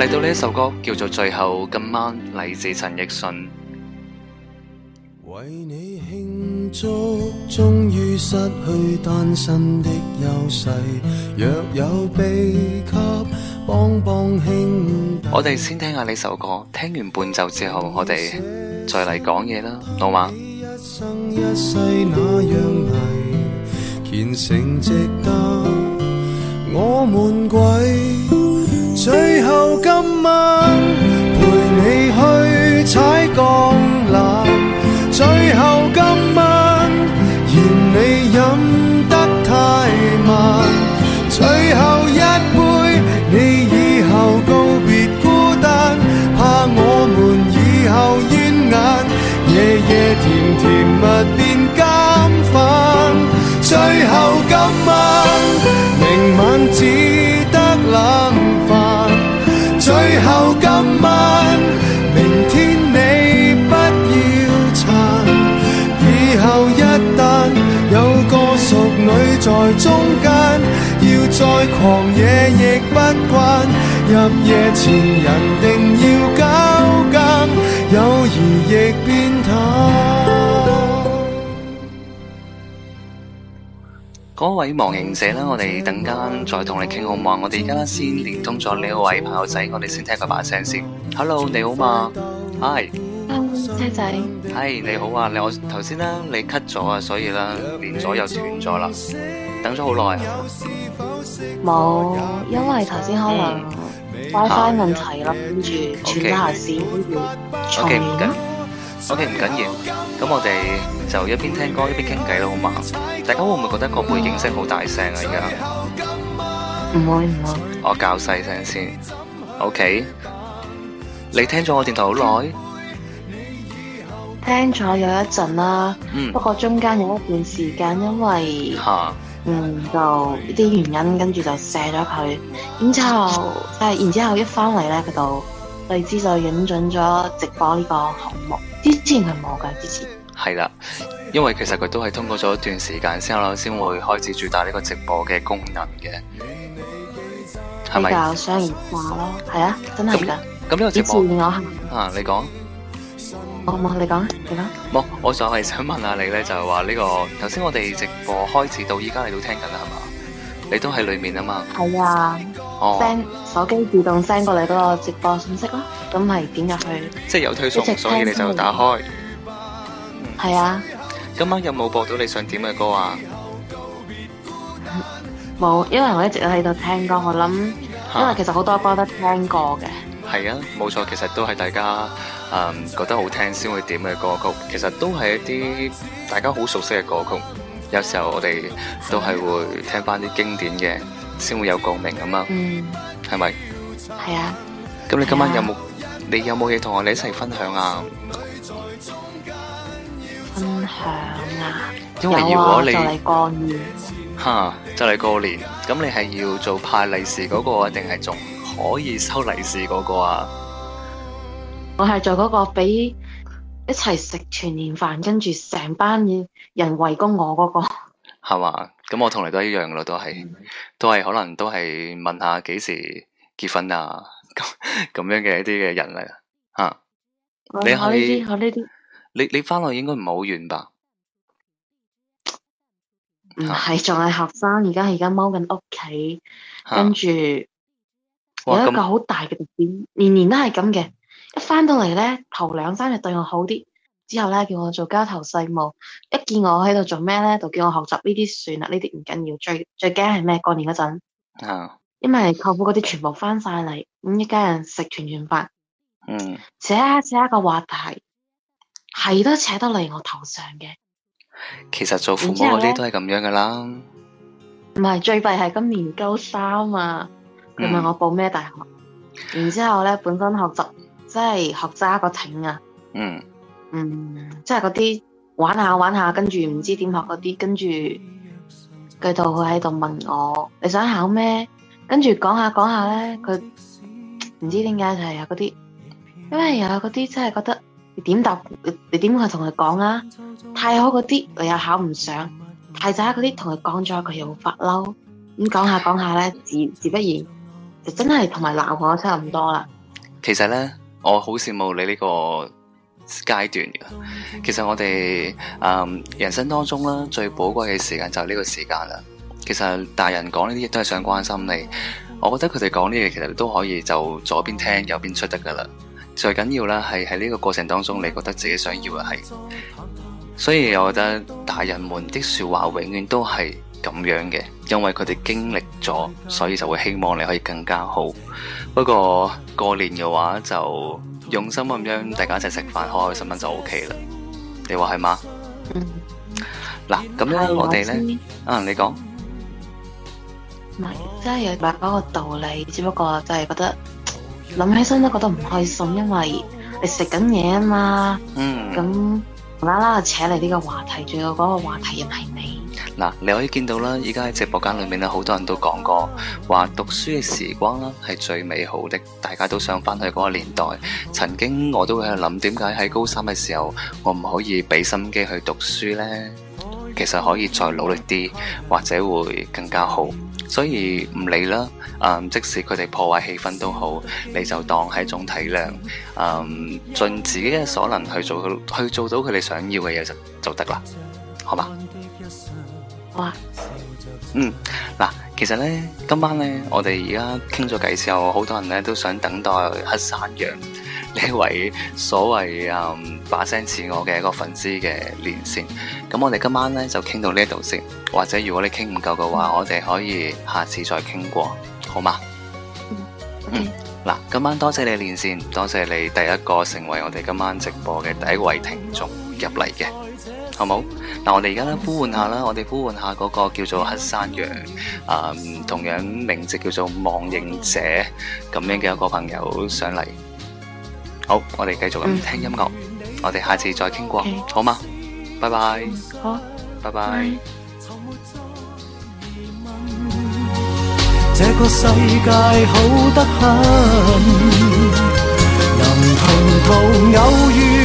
嚟到呢首歌叫做《最後今晚》，嚟自陳奕迅。為你慶祝，終於失去單身的優勢，若有秘笈，幫幫兄弟。我哋先聽下呢首歌，聽完伴奏之後，我哋再嚟講嘢啦，好嘛？甜蜜變監犯，最後今晚，明晚只得冷飯。最後今晚，明天你不要殘，以後一旦有個熟女在中間，要再狂野亦不慣。入夜前人定。嗰位忘形者，啦，我哋等間再同你傾好嗎？我哋而家先連通咗呢位朋友仔，我哋先聽佢把聲先。Hello，你好嘛？Hi，車仔、嗯。姐姐 Hi，你好啊！你我頭先啦，你 cut 咗啊，所以啦，連咗又斷咗啦，等咗好耐啊。冇，因為頭先可能 WiFi 問題啦、嗯，跟住斷一下線，跟住重連。Okay, 謝謝 OK，唔緊要，咁我哋就一邊聽歌一邊傾偈好嘛？大家會唔會覺得個背景聲好大聲啊？而家唔會唔會？不會我教細聲先，OK？你聽咗我電台好耐？聽咗有一陣啦，嗯、不過中間有一段時間因為哈嗯就一啲原因，跟住就卸咗佢，然之後然之後一返嚟咧，佢就。荔枝就引進咗直播呢個項目，之前係冇嘅，之前係啦，因為其實佢都係通過咗一段時間先啦，先會開始主打呢個直播嘅功能嘅，係咪比較商業化咯？係啊，真係噶。咁呢個直播，我啊，你講，我唔，你講你講。冇，我就係想問下你咧，就係話呢個頭先，我哋直播開始到依家，你都聽緊啦，係嘛？你都喺裏面啊嘛？係啊。哦，手機自動 send 過嚟嗰個直播信息囉，咁係點入去？即係有推送，所以你就打開。係啊。今晚有冇播到你想點嘅歌啊？冇，因為我一直都喺度聽歌。我諗，因為其實好多歌都聽歌嘅。係啊，冇錯，其實都係大家誒覺得好聽先會點嘅歌曲。其實都係一啲大家好熟悉嘅歌曲。有時候我哋都係會聽翻啲經典嘅。先會有共鳴咁啊，係咪？係啊。咁你今晚有冇？啊、你有冇嘢同我哋一齊分，分享啊？分享啊！有啊，就嚟過年。嚇，就嚟過年，咁你係要做派利、那個、是嗰個啊，定係仲可以收利是嗰個啊？我係做嗰、那個俾一齊食全年飯，跟住成班人圍攻我嗰、那個。係嘛？咁我同你都一樣咯，都係，都係可能都係問下幾時結婚啊，咁咁樣嘅一啲嘅人嚟啊！嗯、你可以，我呢啲，你你翻去應該唔係好遠吧？唔係，仲係學生，而家而家踎緊屋企，啊、跟住有一個好大嘅點，年年都係咁嘅。一翻到嚟咧，頭兩三日對我好啲。之後咧叫我做家頭細務，一見我喺度做咩咧，就叫我學習呢啲算啦，呢啲唔緊要。最最驚係咩？過年嗰陣，啊、因為舅父嗰啲全部翻晒嚟，咁一家人食團圓飯，扯一扯一個話題，係都扯得嚟我頭上嘅。其實做父母嗰啲都係咁樣噶啦。唔係最弊係今年高三啊，佢問我報咩大學，嗯、然之後咧本身學習真係學渣個挺啊。嗯，即係嗰啲玩下玩下，跟住唔知點學嗰啲，跟住佢度佢喺度問我，你想考咩？跟住講下講下咧，佢唔知點解就係有嗰啲，因為有嗰啲真係覺得你點答你你點去同佢講啊？太好嗰啲你又考唔上，太渣嗰啲同佢講咗佢又發嬲，咁講下講下咧，自自不然，自然就真係同埋鬧我差唔多啦。其實咧，我好羨慕你呢個階段其實我哋誒、嗯、人生當中啦最寶貴嘅時間就係呢個時間啦。其實大人講呢啲亦都係想關心你，我覺得佢哋講呢嘢其實都可以就左邊聽右邊出得㗎喇。最緊要咧係喺呢個過程當中，你覺得自己想要嘅係，所以我覺得大人們的說話永遠都係。咁樣嘅，因為佢哋經歷咗，所以就會希望你可以更加好。不過過年嘅話就用心咁樣，大家一齊食飯，開開心心就 OK 啦。你話係嘛？嗯。嗱，咁咧我哋咧，啊你講。唔係、嗯，真係有嗰個道理，只不過就係覺得諗起身都覺得唔開心，因為你食緊嘢啊嘛。嗯。咁無啦啦扯嚟呢個話題，仲有嗰個話題又係你。嗱，你可以見到啦，而家喺直播間裏面咧，好多人都講過話讀書嘅時光啦，係最美好的，大家都想翻去嗰個年代。曾經我都會喺度諗，點解喺高三嘅時候，我唔可以俾心機去讀書呢？其實可以再努力啲，或者會更加好。所以唔理啦，誒、呃，即使佢哋破壞氣氛都好，你就當係一種體諒，誒、呃，盡自己嘅所能去做，去做到佢哋想要嘅嘢就就得啦，好嘛？嗯，嗱，其實咧，今晚咧，我哋而家傾咗偈之後，好多人咧都想等待黑山羊呢位所謂誒、嗯、把聲似我嘅一個粉絲嘅連線。咁我哋今晚咧就傾到呢度先，或者如果你傾唔夠嘅話，我哋可以下次再傾過，好嘛？嗯，嗱、嗯，今晚多謝你連線，多謝你第一個成為我哋今晚直播嘅第一位聽眾入嚟嘅。好唔好？嗱，我哋而家呢，呼喚下啦，我哋呼喚下嗰個叫做黑山羊，啊，同樣名字叫做望影者咁樣嘅一個朋友上嚟。好，我哋繼續咁聽音樂，我哋下次再傾過，好嗎？拜拜，好，拜拜。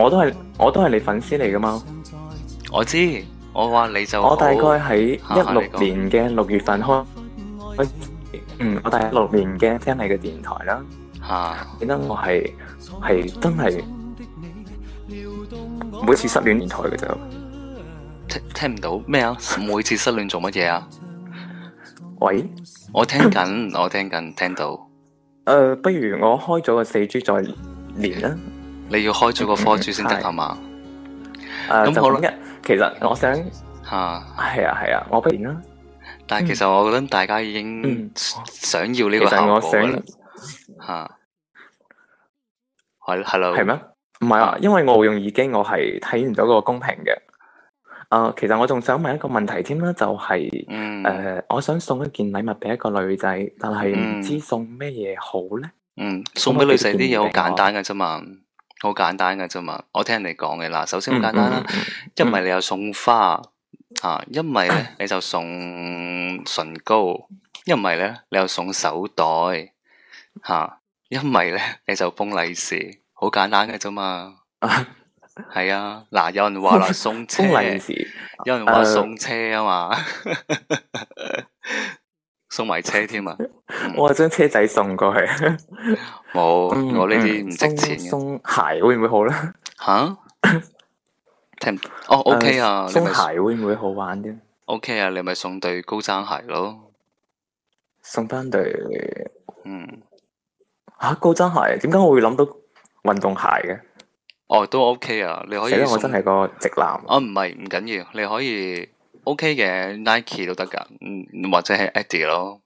我都係我都係你粉絲嚟㗎嘛？我知，我話你就我大概喺一六年嘅六月份開，嗯，我大一六年嘅聽你嘅電台啦，吓，記得我係係真係每次失戀電台嘅啫，聽唔到咩啊？每次失戀做乜嘢啊？喂，我聽緊，我聽緊，聽到。誒，不如我開咗個四 G 再連啦。你要開咗個科主先得係嘛？咁我諗，其實我想吓係啊係啊，我不然啦。但係其實我覺得大家已經想要呢個效果。吓係係咯，係咩？唔係啊，因為我用耳機，我係睇唔到個公平嘅。誒，其實我仲想問一個問題添啦，就係誒，我想送一件禮物俾一個女仔，但係唔知送咩嘢好咧。嗯，送俾女仔啲嘢好簡單㗎啫嘛。好簡單嘅啫嘛，我聽人哋講嘅嗱，首先好簡單啦，一唔係你又送花啊，一唔係咧你就送唇膏，一唔係咧你又送手袋吓，一唔係咧你就封利是，好簡單嘅啫嘛，係 啊，嗱有人話啦送利是，有人話送車啊 事嘛。嗯 送埋車添啊！嗯、 我係將車仔送過去，冇 我呢啲唔值錢。送鞋會唔會好咧？吓？聽哦，OK 啊！送鞋會唔會、， 啊、會，會好玩啲？OK 啊！你咪送對高踭鞋咯。送翻對，嗯，吓、啊、高踭鞋？點解我會諗到運動鞋嘅？哦，都 OK 啊！你可以。其實我真係個直男。哦、啊，唔係唔緊要，你可以。O K 嘅 Nike 都得㗎，或者係 Adi 咯。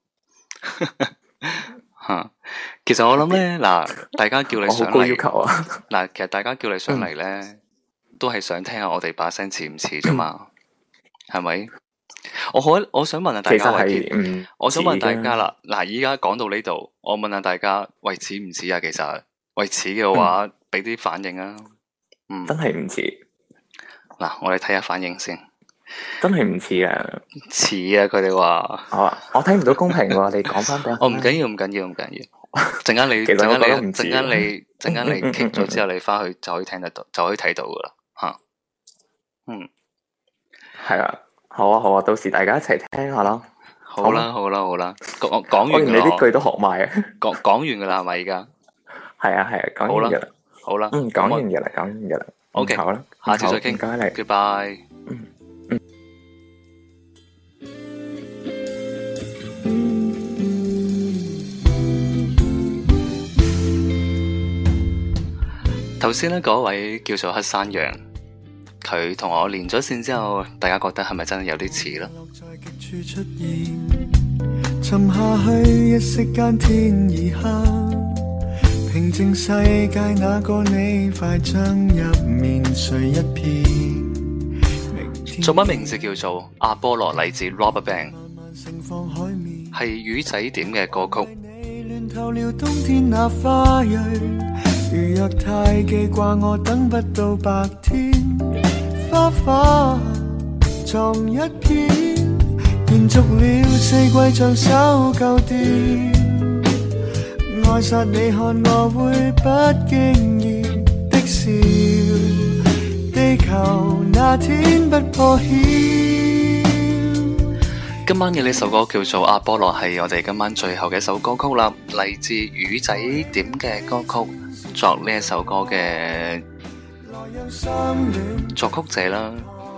吓， 其實我諗咧，嗱，大家叫你上嚟，嗱，要求啊，其實大家叫你上嚟咧， 都係想聽下我哋把聲似唔似啫嘛？係咪？ 我我我想問下大家，我想問，問大家啦，嗱，依家講到呢度，我問下大家，喂，似唔似啊？其實，喂，似嘅話，俾啲反應啊。 嗯，真係唔似。嗱，我哋睇下反應先。真係唔似啊！似啊，佢哋話，我我睇唔到公平喎。你講翻俾我，唔緊要，唔緊要，唔緊要。陣間你，陣間你，陣間你，陣間你傾咗之後，你翻去就可以聽得到，就可以睇到噶啦。吓，嗯，係啊，好啊，好啊，到時大家一齊聽下咯。好啦，好啦，好啦。講講完你啲句都學埋啊。講講完噶啦，係咪？而家係啊，係啊。講完噶啦，好啦，嗯，講完嘢啦，講完嘢啦。O K，好啦，下次再傾，拜拜。頭先呢，嗰位叫做黑山羊，佢同我連咗線之後，大家覺得係咪真係有啲似咯？啊、天做乜名字叫做阿波羅嚟自 Robber Band）？係魚仔點嘅歌曲？嗯如若太記掛，我等不到白天。花花藏一片，延續了四季，像收舊電。愛殺你看我會不經意的笑。地球那天不破曉。今晚嘅呢首歌叫做《阿波羅》，係我哋今晚最後嘅一首歌曲啦，嚟自魚仔點嘅歌曲。作呢一首歌嘅作曲者啦，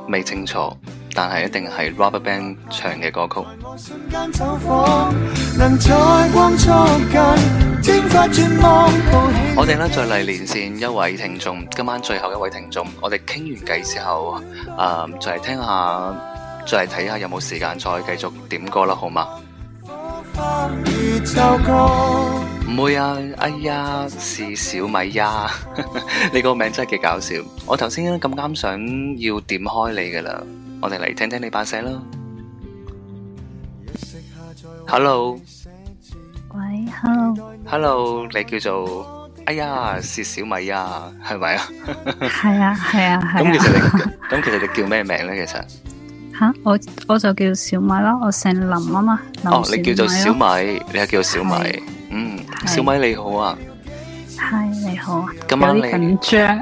未清楚，但係一定係 Rubberband 唱嘅歌曲。我哋咧再嚟連線一位聽眾，今晚最後一位聽眾，我哋傾完偈之後，誒，再嚟聽下，再嚟睇下有冇時間再繼續點歌啦好嗎？唔會啊！哎呀，是小米呀！你個名真係幾搞笑。我頭先咁啱想要點開你噶啦，我哋嚟聽聽你把聲啦。Hello，喂，Hello，Hello，你叫做哎呀，是小米呀，係咪啊？係啊，係啊，係。咁其實你，咁其實你叫咩名咧？其實吓，我我就叫小米囉，我姓林啊嘛。哦，你叫做小米，你係叫做小米。是小米你好啊，嗨你好啊，今晚你緊張？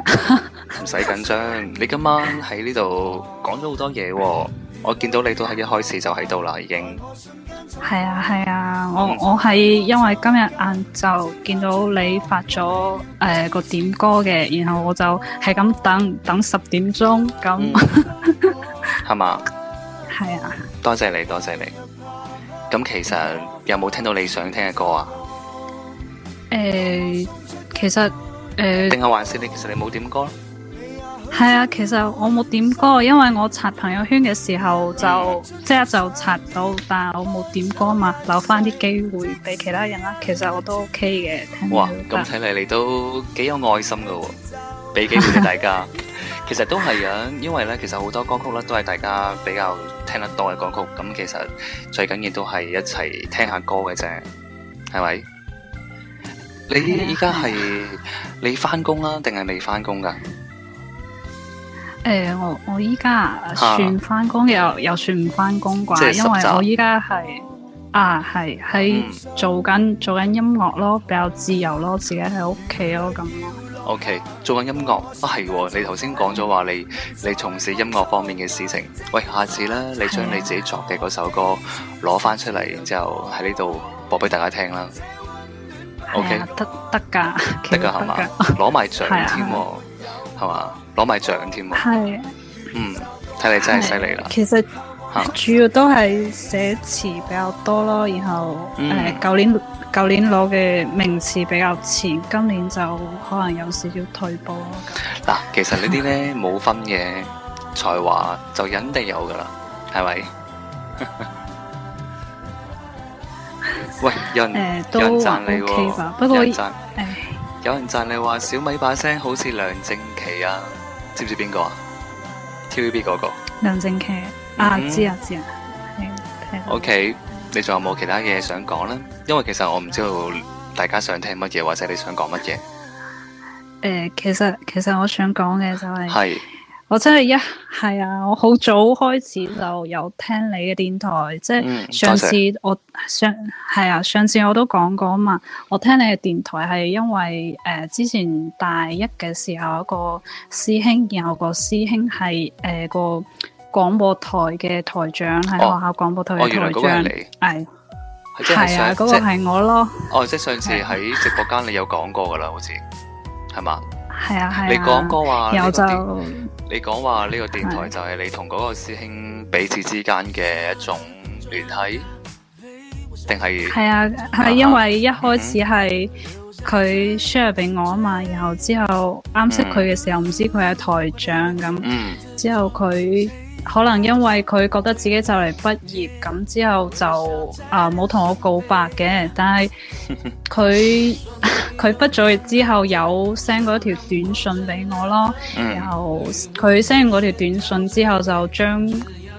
唔使緊張，你今晚喺呢度講咗好多嘢喎， 我見到你都喺一開始就喺度啦，已經。係啊係啊，我我係因為今日晏晝見到你發咗誒、呃、個點歌嘅，然後我就係咁等等十點鐘咁。係嘛？係啊！多謝你，多謝你。咁其實有冇聽到你想聽嘅歌啊？誒、呃，其實誒，定、呃、係還是你其實你冇點歌？係啊，其實我冇點歌，因為我刷朋友圈嘅時候就即係就刷到，但係我冇點歌嘛，留翻啲機會俾其他人啦。其實我都 OK 嘅。聽哇，咁睇嚟你都幾有愛心噶，俾機會大家會 其。其實都係啊，因為咧，其實好多歌曲咧都係大家比較聽得多嘅歌曲。咁其實最緊要都係一齊聽下歌嘅啫，係咪？你依家係你翻工啦，定係未翻工噶？誒，我我依家算翻工，啊，又又算唔翻工啩？即係因為我依家係啊，係喺做緊做緊音樂咯，比較自由咯，自己喺屋企咯咁。OK，做緊音樂，啊係，哦，你頭先講咗話你你從事音樂方面嘅事情。喂，下次咧，你將你自己作嘅嗰首歌攞翻出嚟，然之後喺呢度播俾大家聽啦。O Okay . K，得得噶，得噶係嘛，攞埋獎添，係嘛，攞埋獎添。係，嗯，睇嚟真係犀利啦。其實主要都係寫詞比較多咯，然後誒，舊、嗯呃、年舊年攞嘅名次比較前，今年就可能有少少退步。嗱、啊，其實呢啲咧冇分嘅才華就肯定有噶啦，係咪？ 喂，有人，欸，都有人讚你喎，OK，不過有人讚，欸，有人讚你話小米把聲好似梁靜琪啊，知唔知邊個啊？TVB 嗰個。梁靜琪啊，知啊知啊。O，okay, K，你仲有冇其他嘢想講咧？因為其實我唔知道大家想聽乜嘢或者你想講乜嘢。誒，欸，其實其實我想講嘅就係、是。係。我真係一係啊！我好早開始就有聽你嘅電台，即係上次我上係啊，上次我都講過啊嘛。我聽你嘅電台係因為誒、呃，之前大一嘅時候，一個師兄然後個師兄係誒、呃、個廣播台嘅台長，喺學校廣播台嘅台長。哦哦、原來咁樣，你係係啊，嗰、啊那個係我咯。哦，即係上次喺直播間你有講過㗎喇，好似係嘛？係啊係啊，啊啊你講過話有就。你講話呢個電台就係你同嗰個師兄彼此之間嘅一種聯繫？定係係啊，係因為一開始係佢 share 俾我啊嘛，然後之後啱識佢嘅時候唔、嗯、知佢係台長咁，之後佢。嗯可能因為佢覺得自己就嚟畢業，咁之後就啊冇同我告白嘅。但係佢佢畢咗業之後有 send 過一條短信俾我咯。嗯、然後佢 send 完嗰條短信之後就，就將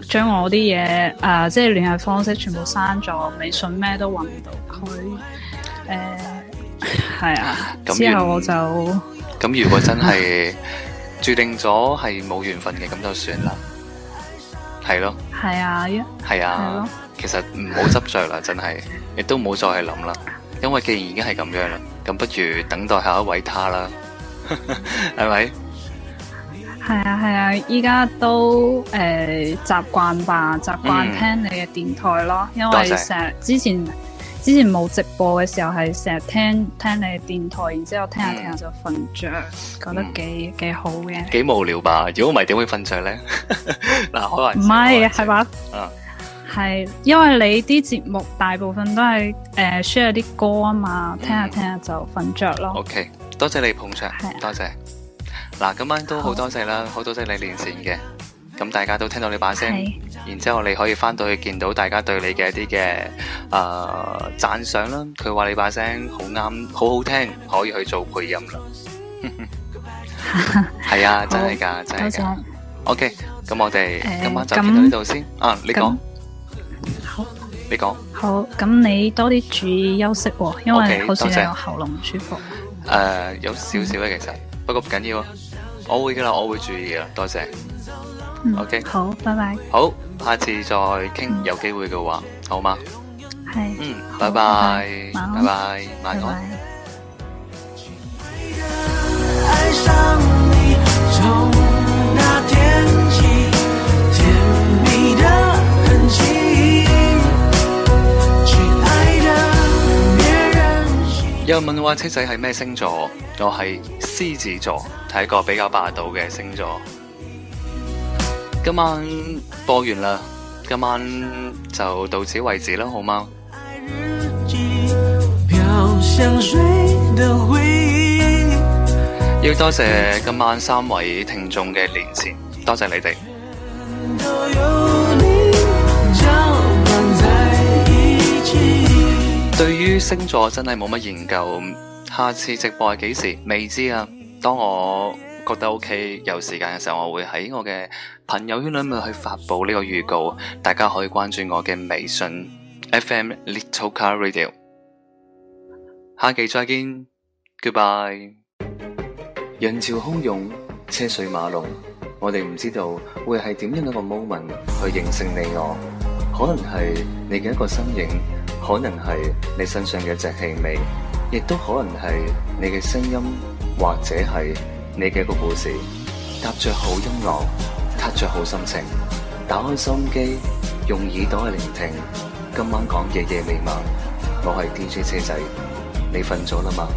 將我啲嘢啊，即係聯繫方式全部刪咗，微信咩都搵唔到佢。誒、呃，係啊。 嗯、之後我就咁，如果真係注定咗係冇緣分嘅，咁就算啦。係咯，係啊，係啊，其實唔好執着啦，真係亦都冇再去諗啦，因為既然已經係咁樣啦，咁不如等待下一位他啦，係咪？係啊，係啊，依家都誒習慣吧，習 慣的、呃、聽你嘅電台咯，嗯、因為成日之前。之前冇直播嘅時候，係成日聽聽你電台，然之後聽下聽下就瞓着，嗯、覺得幾幾好嘅。幾無聊吧？如果唔係，點會瞓着咧？嗱 是，可能唔係係嘛？嗯吧，係、啊、因為你啲節目大部分都係誒，share 啲歌啊嘛，聽下聽下就瞓着咯、嗯。OK，多謝你捧場，啊、多謝。嗱，今晚都好多謝啦，好多謝你連線嘅。咁大家都聽到你把聲，然之後你可以翻到去見到大家對你嘅一啲嘅，誒，讚賞啦。佢話你把聲好啱，好好聽，可以去做配音啦。係啊，真係噶，真係噶。OK，咁我哋今晚就到呢度先。啊，你講，你講。好，咁你多啲注意休息，因為好似有喉嚨唔舒服。誒，有少少咧，其實不過唔緊要，我會噶啦，我會注意啦。多謝。O Okay . K，好，拜拜。好，下次再傾，嗯、有機會嘅話，好嗎？係是，嗯，拜拜，拜拜 bye，晚安。又問話車仔係咩星座？我係獅子座，係一個比較霸道嘅星座。今晚播完啦，今晚就到此為止啦，好嗎？要多謝今晚三位聽眾嘅連線，多謝你哋。對於星座真係冇乜研究，下次直播係幾時？未知啊，當我。覺得 OK，有時間嘅時候我會喺我嘅朋友圈裏面去發布呢個預告，大家可以關注我嘅微信 FM Little Car Radio。下期再見，Goodbye。人潮洶湧，車水馬龍，我哋唔知道會係點樣一個 moment 去形成你我，可能係你嘅一個身影，可能係你身上嘅一隻氣味，亦都可能係你嘅聲音，或者係。你嘅一個故事，踏着好音樂，踏着好心情，打開心機，用耳朵去聆聽。今晚講夜夜未晚，我係 DJ 車仔，你瞓咗啦嘛？